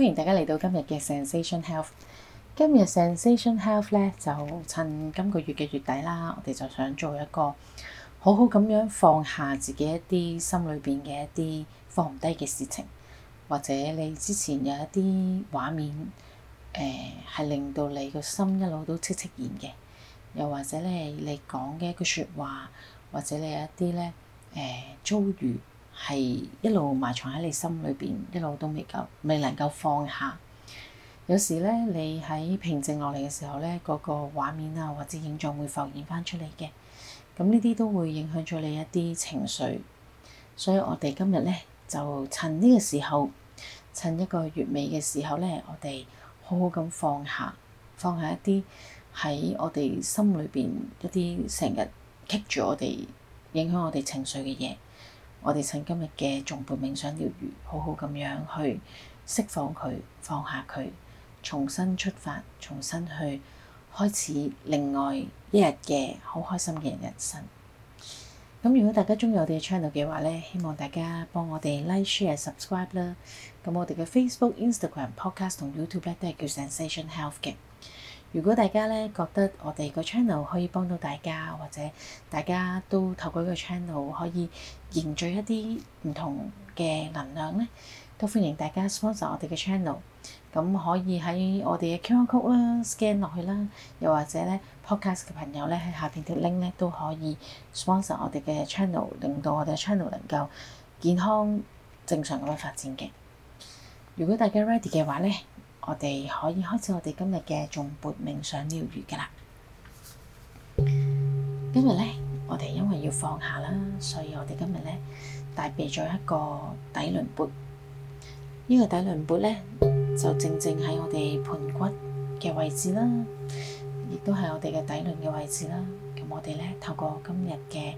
歡迎大家嚟到今日嘅 Zensation Health。今日 Zensation Health 咧，就趁今個月嘅月底啦，我哋就想做一個好好咁樣放下自己一啲心裏邊嘅一啲放唔低嘅事情，或者你之前有一啲畫面，誒、呃、係令到你個心一路都戚戚然嘅，又或者咧你講嘅一句說話，或者你有一啲咧誒遭遇，係一路埋藏喺你心裏邊，一路都未夠，未能夠放下。有時咧，你喺平靜落嚟嘅時候咧，嗰個畫面啊或者影像會浮現翻出嚟嘅。咁呢啲都會影響咗你一啲情緒，所以我哋今日咧就趁呢個時候，趁一個月尾嘅時候咧，我哋好好咁放下，放下一啲喺我哋心裏邊一啲成日棘住我哋、影響我哋情緒嘅嘢。我哋趁今日嘅頌缽冥想療癒，好好咁樣去釋放佢，放下佢，重新出發，重新去開始另外一日嘅好開心嘅人生。咁如果大家鍾意我哋嘅 channel 嘅話咧，希望大家幫我哋 like、share、subscribe 啦。咁我哋嘅 Facebook、Instagram、Podcast 同 YouTube 咧都係叫 Zensation Health 嘅。如果大家呢覺得我哋個 channel 可以幫到大家，或者大家都透過個 channel 可以凝聚一啲唔同嘅能量呢，都歡迎大家 sponsor 我哋嘅 channel。咁可以喺我哋嘅 QR code 啦、scan 落去啦，又或者呢 podcast 嘅朋友呢喺下邊條 link 呢都可以 sponsor 我哋嘅 channel，令到我哋嘅 channel 能夠健康正常咁樣發展嘅。如果大家 ready 嘅話呢。我哋可以開始我哋今日嘅頌缽冥想療愈㗎喇。今日咧，我哋因為要放下啦，所以我哋今日咧帶備咗一個底輪缽。呢、呢個底輪缽咧，就正正喺我哋盆骨嘅位置啦，亦都係我哋嘅底輪嘅位置啦。咁我哋咧透過今日嘅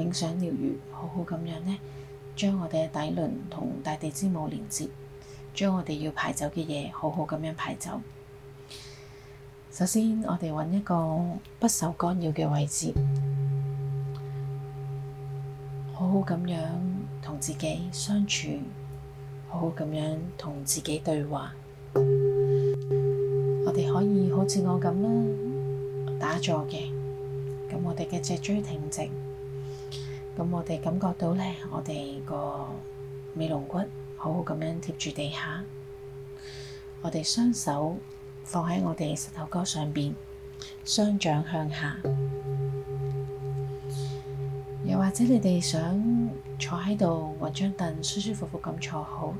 冥想療愈，好好咁樣咧，將我哋嘅底輪同大地之母連接。將我哋要排走嘅嘢好好咁樣排走。首先，我哋揾一個不受干擾嘅位置，好好咁樣同自己相處，好好咁樣同自己對話。我哋可以好似我咁啦，打坐嘅。咁我哋嘅脊椎挺直，咁我哋感覺到咧，我哋個尾龍骨。好好咁樣貼住地下，我哋雙手放喺我哋膝頭哥上邊，雙掌向下。又或者你哋想坐喺度搵張凳，舒舒服服咁坐好，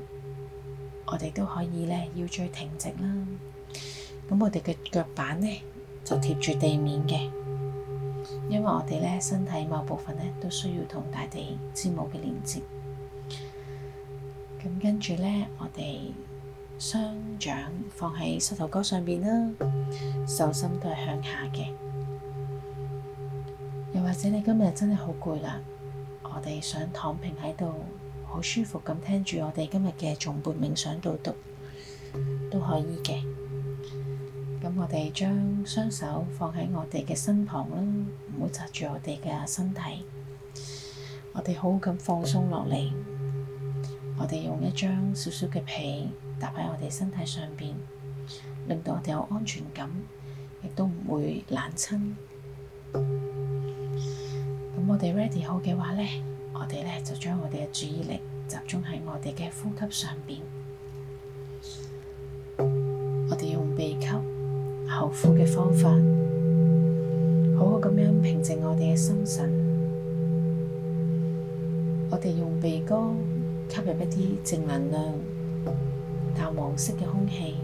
我哋都可以咧，腰椎挺直啦。咁我哋嘅腳板咧就貼住地面嘅，因為我哋咧身體某部分咧都需要同大地之母嘅連接。咁跟住咧，我哋雙掌放喺膝頭哥上邊啦，手心都係向下嘅。又或者你今日真係好攰啦，我哋想躺平喺度，好舒服咁聽住我哋今日嘅頌缽冥想導讀，都可以嘅。咁我哋將雙手放喺我哋嘅身旁啦，唔好窒住我哋嘅身體。我哋好好咁放鬆落嚟。我哋用一張少少嘅被搭喺我哋身體上邊，令到我哋有安全感，亦都唔會冷親。咁我哋 ready 好嘅話咧，我哋咧就將我哋嘅注意力集中喺我哋嘅呼吸上邊。我哋用鼻吸、後呼嘅方法，好好咁樣平靜我哋嘅心神。我哋用鼻哥。吸入一啲正能量、淡黃色嘅空氣，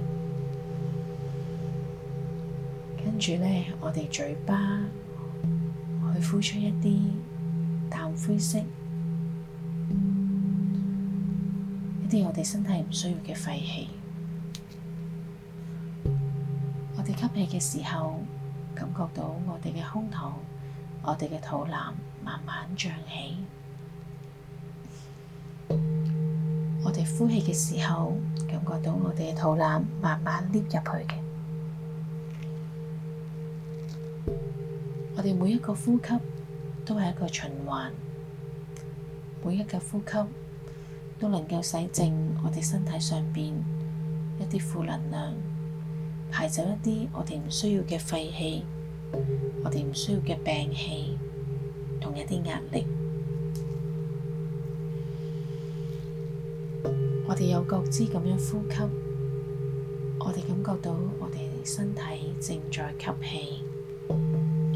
跟住咧，我哋嘴巴去呼出一啲淡灰色、一啲我哋身體唔需要嘅廢氣。我哋吸氣嘅時候，感覺到我哋嘅胸膛、我哋嘅肚腩慢慢脹起。呼氣嘅時候，感覺到我哋嘅肚腩慢慢 lift 入去嘅。我哋每一個呼吸都係一個循環，每一個呼吸都能夠洗淨我哋身體上邊一啲負能量，排走一啲我哋唔需要嘅廢氣，我哋唔需要嘅病氣，同一啲壓力。我哋有覺知咁樣呼吸，我哋感覺到我哋身體正在吸氣，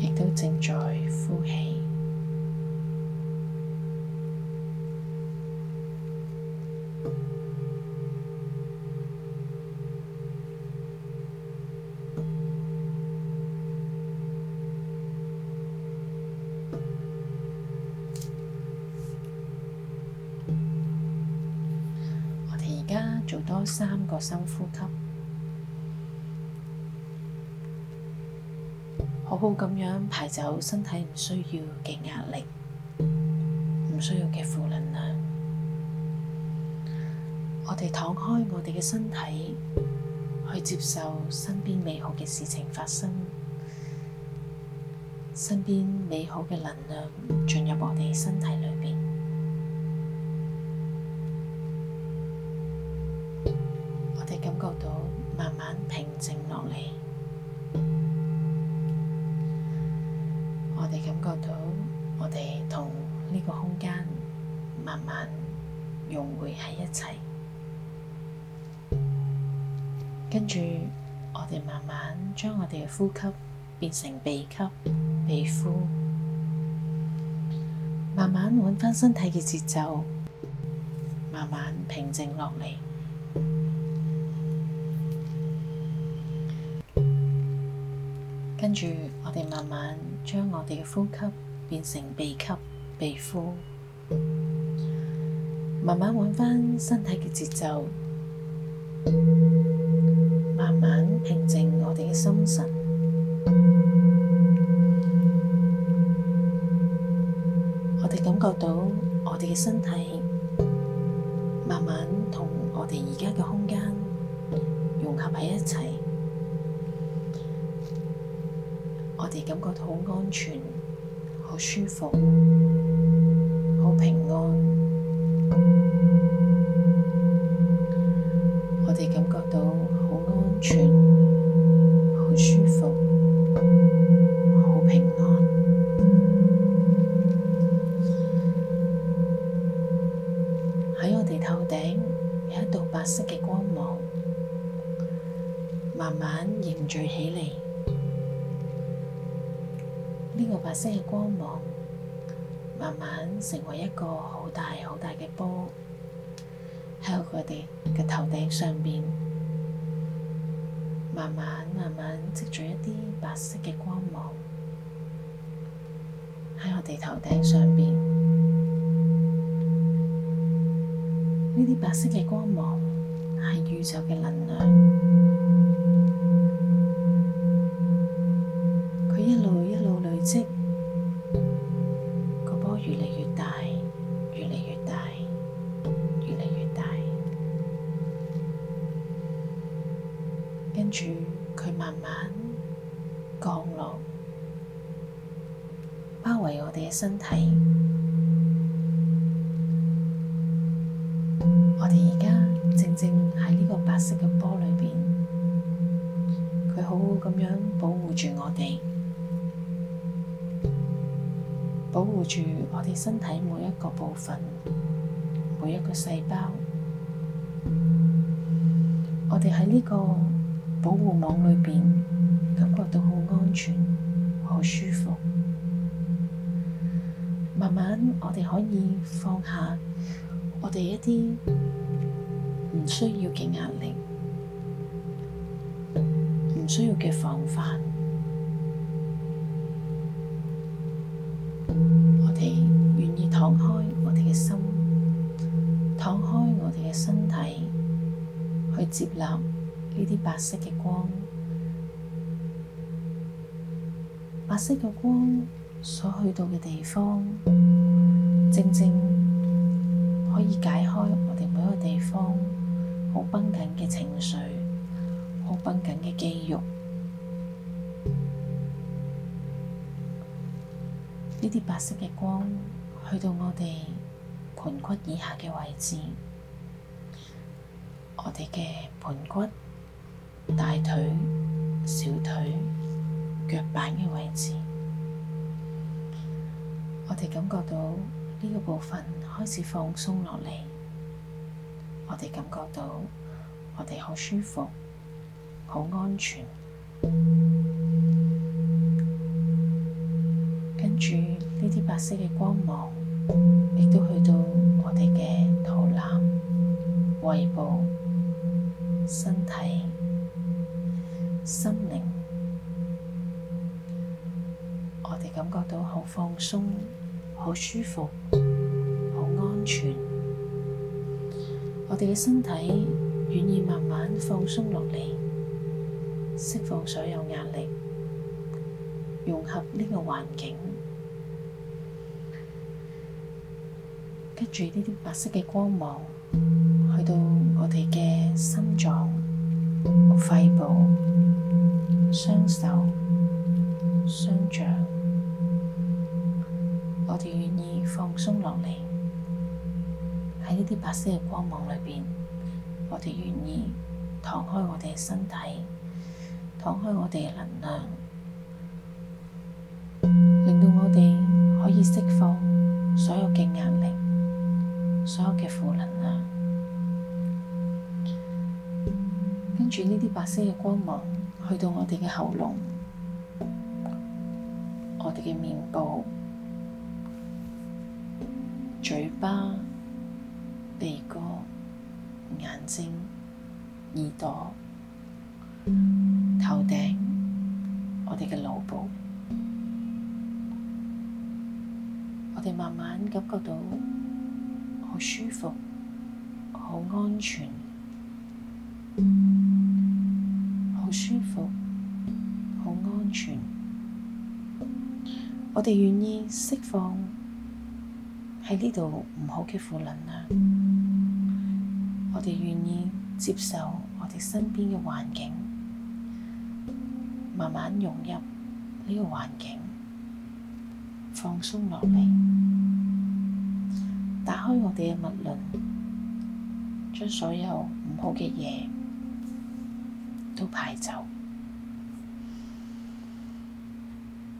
亦都正在呼氣。做多三個深呼吸，好好咁樣排走身體唔需要嘅壓力，唔需要嘅負能量。我哋躺開我哋嘅身體，去接受身邊美好嘅事情發生，身邊美好嘅能量進入我哋身體裏。慢慢平靜落嚟，我哋感覺到我哋同呢個空間慢慢融匯喺一齊，跟住我哋慢慢將我哋嘅呼吸變成鼻吸、鼻呼，慢慢搵翻身體嘅節奏，慢慢平靜落嚟。跟住，我哋慢慢將我哋嘅呼吸變成鼻吸、鼻呼，慢慢搵翻身體嘅節奏，慢慢平靜我哋嘅心神。我哋感覺到我哋嘅身體慢慢同我哋而家嘅空間融合喺一齊。我哋感覺到好安全、好舒服、好平安。我哋感覺到好安全、好舒服、好平安。喺我哋頭頂有一道白色嘅光芒，慢慢凝聚起嚟。呢個白色嘅光芒慢慢成為一個好大好大嘅波，喺我哋嘅頭頂上面，慢慢慢慢積聚一啲白色嘅光芒喺我哋頭頂上面，呢啲白色嘅光芒係宇宙嘅能量。即個波越嚟越大，越嚟越大，越嚟越大，跟住佢慢慢降落，包圍我哋嘅身體。我哋而家正正喺呢個白色嘅波裏邊，佢好好咁樣保護住我哋。保護住我哋身體每一個部分，每一個細胞。我哋喺呢個保護網裏邊，感覺到好安全，好舒服。慢慢，我哋可以放下我哋一啲唔需要嘅壓力，唔需要嘅防範。我願意敞開我哋嘅心，敞開我哋嘅身體，去接納呢啲白色嘅光。白色嘅光所去到嘅地方，正正可以解開我哋每一個地方好繃緊嘅情緒，好繃緊嘅肌肉。呢啲白色嘅光去到我哋盆骨以下嘅位置，我哋嘅盆骨、大腿、小腿、腳板嘅位置，我哋感覺到呢個部分開始放鬆落嚟，我哋感覺到我哋好舒服，好安全。跟住呢啲白色嘅光芒，亦都去到我哋嘅肚腩、胃部、身體、心靈，我哋感覺到好放鬆、好舒服、好安全。我哋嘅身體願意慢慢放鬆落嚟，釋放所有壓力。融合呢個環境，跟住呢啲白色嘅光芒去到我哋嘅心臟、肺部、雙手、雙腳，我哋願意放鬆落嚟。喺呢啲白色嘅光芒裏邊，我哋願意敞開我哋嘅身體，敞開我哋嘅能量。以釋放所有嘅壓力，所有嘅負能量，跟住呢啲白色嘅光芒去到我哋嘅喉嚨、我哋嘅面部、嘴巴、鼻哥、眼睛、耳朵、頭頂、我哋嘅腦部。我哋慢慢感覺到好舒服，好安全，好舒服，好安全。我哋願意釋放喺呢度唔好嘅負能量，我哋願意接受我哋身邊嘅環境，慢慢融入呢個環境，放鬆落嚟。開我哋嘅脈輪，將所有唔好嘅嘢都排走。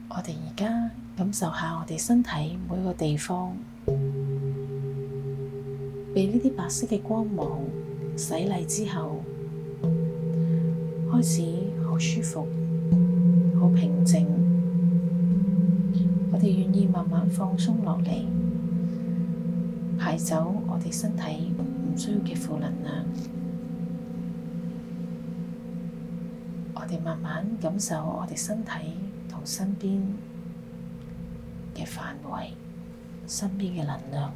我哋而家感受下我哋身體每個地方，被呢啲白色嘅光芒洗禮之後，開始好舒服、好平靜。我哋願意慢慢放鬆落嚟。走我哋身體唔需要嘅負能量，我哋慢慢感受我哋身體同身邊嘅範圍，身邊嘅能量。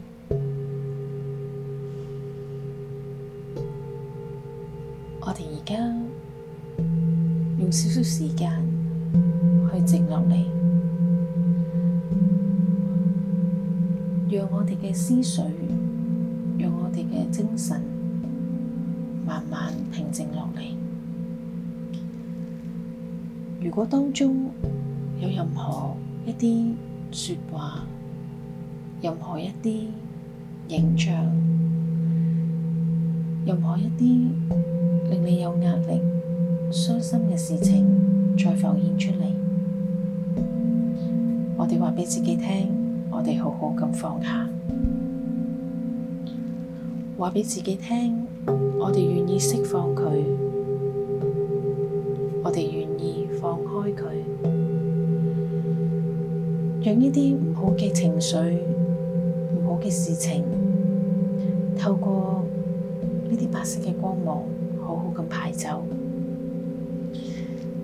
我哋而家用少少時間去靜落嚟，讓我哋嘅思緒，嘅精神慢慢平靜落嚟。如果當中有任何一啲說話、任何一啲影像、任何一啲令你有壓力、傷心嘅事情再浮現出嚟，我哋話俾自己聽，我哋好好咁放下。話畀自己聽，我哋願意釋放佢，我哋願意放開佢，讓呢啲唔好嘅情緒、唔好嘅事情，透過呢啲白色嘅光芒，好好咁排走，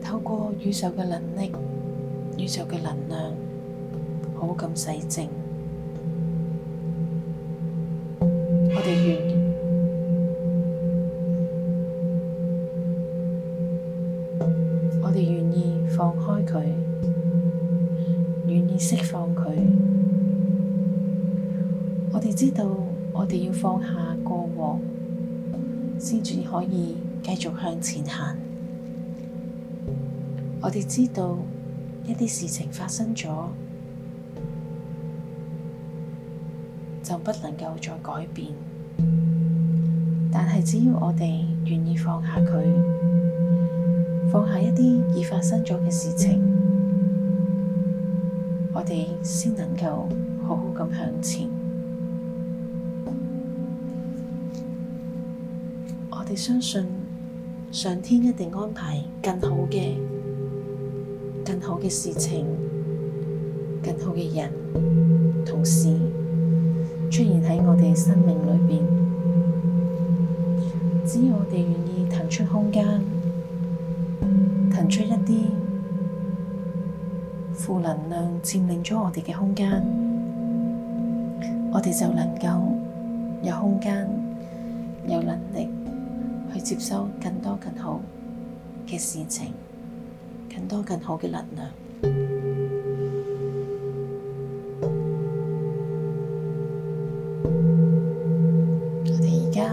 透過宇宙嘅能力、宇宙嘅能量好好，好咁洗淨。釋放佢。我哋知道，我哋要放下過往，先至可以繼續向前行。我哋知道，一啲事情發生咗，就不能夠再改變。但係，只要我哋願意放下佢，放下一啲已發生咗嘅事情。我哋先能夠好好咁向前，我哋相信上天一定安排更好嘅，更好嘅事情，更好嘅人，同時出現喺我哋生命裏邊。只要我哋願意騰出空間，騰出一啲。負能量佔領咗我哋嘅空間，我哋就能夠有空間、有能力去接收更多更好嘅事情，更多更好嘅能量。我哋而家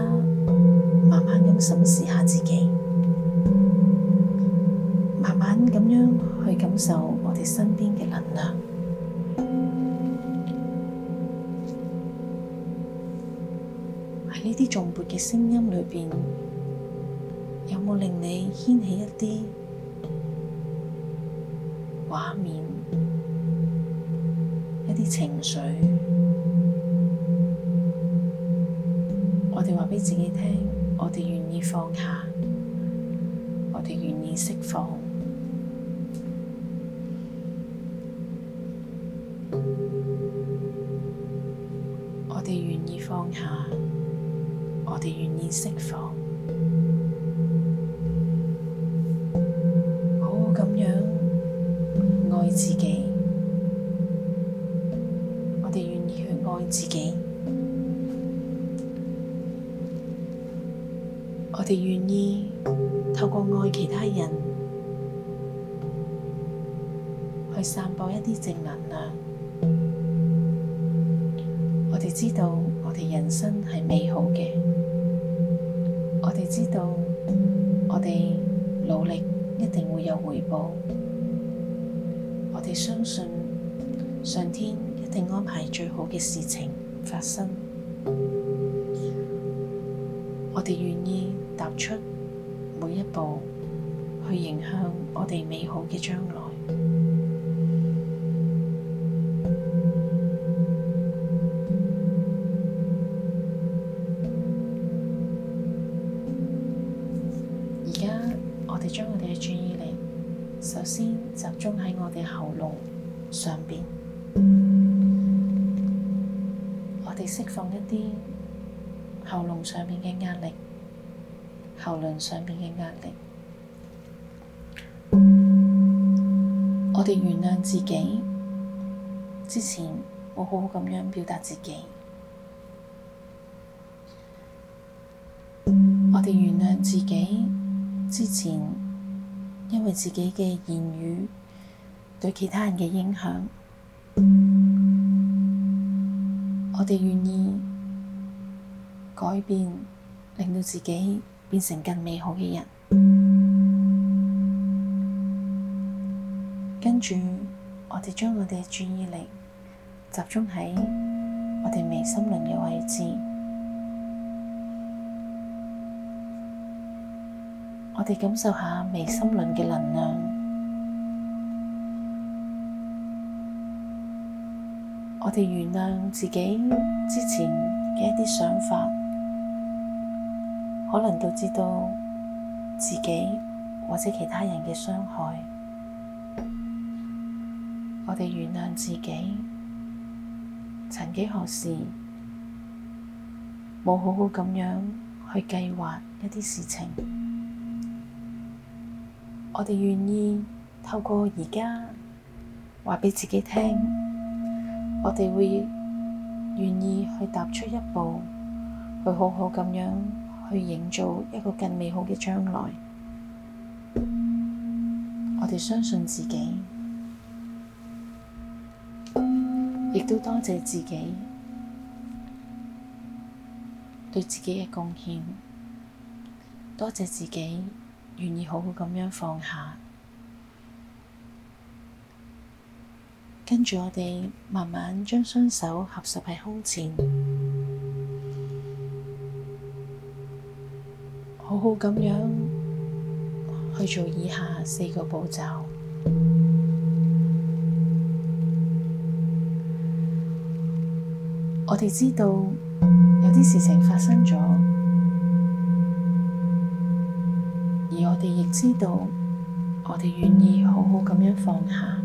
慢慢咁審視下自己，慢慢咁樣去感受。身邊嘅能量喺呢啲頌缽嘅聲音裏邊，有冇令你掀起一啲畫面、一啲情緒？我哋話畀自己聽，我哋願意放下，我哋願意釋放。放下，我哋願意釋放，好好咁樣愛自己。我哋願意去愛自己，我哋願意透過愛其他人去散播一啲正能量。我哋知道。我哋人生係美好嘅，我哋知道，我哋努力一定會有回報，我哋相信上天一定安排最好嘅事情發生，我哋願意踏出每一步，去迎向我哋美好嘅將來。上面嘅壓力，喉輪上面嘅壓力， 我哋原諒自己之前冇好好咁樣表達自己，我哋原諒自己， 自己之前因為自己嘅言語對其他人嘅影響， 我哋願意。改變令到自己變成更美好嘅人，跟住我哋將我哋嘅注意力集中喺我哋眉心輪嘅位置，我哋感受下眉心輪嘅能量，我哋原諒自己之前嘅一啲想法。可能導致到自己或者其他人嘅傷害。我哋原諒自己，曾幾何時冇好好咁樣去計劃一啲事情。我哋願意透過而家話畀自己聽，我哋會願意去踏出一步，去好好咁樣。去營造一個更美好嘅將來。我哋相信自己，亦都多謝自己對自己嘅貢獻。多謝自己願意好好咁樣放下。跟住我哋慢慢將雙手合十喺胸前。好好咁樣去做以下四個步驟。 我哋知道有啲事情發生咗，而我哋亦知道，我哋願意好好咁樣放下。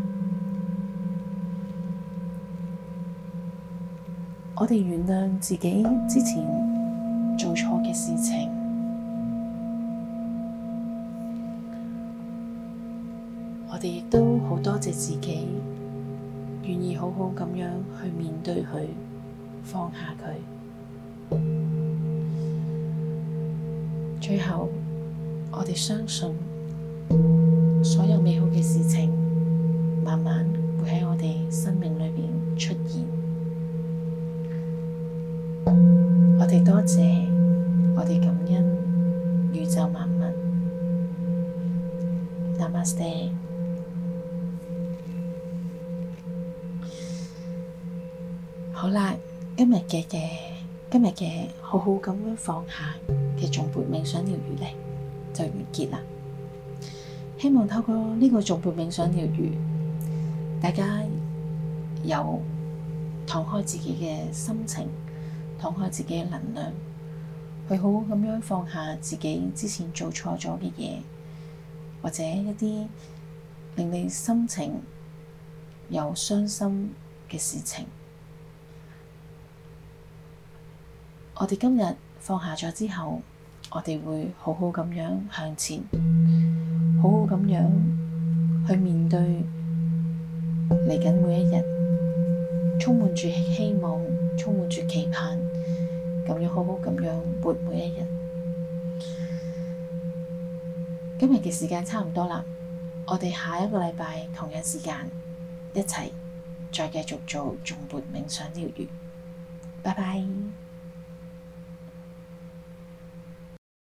我哋原諒自己之前做錯嘅事情。都好多謝自己，願意好好咁樣去面對佢，放下佢。最後，我哋相信所有美好嘅事情，慢慢會喺我哋生命裏邊出現。我哋多謝，我哋感恩宇宙萬物。Namaste。今日嘅嘅，今日嘅好好咁樣放下嘅頌缽冥想療愈咧，就完結啦。希望透過呢個頌缽冥想療愈，大家有敞開自己嘅心情，敞開自己嘅能量，去好好咁樣放下自己之前做錯咗嘅嘢，或者一啲令你心情有傷心嘅事情。我哋今日放下咗之後，我哋會好好咁樣向前，好好咁樣去面對嚟緊每一日，充滿住希望，充滿住期盼，咁樣好好咁樣活每一日。今日嘅時間差唔多啦，我哋下一個禮拜同樣時間一齊再繼續做頌缽冥想療愈。拜拜。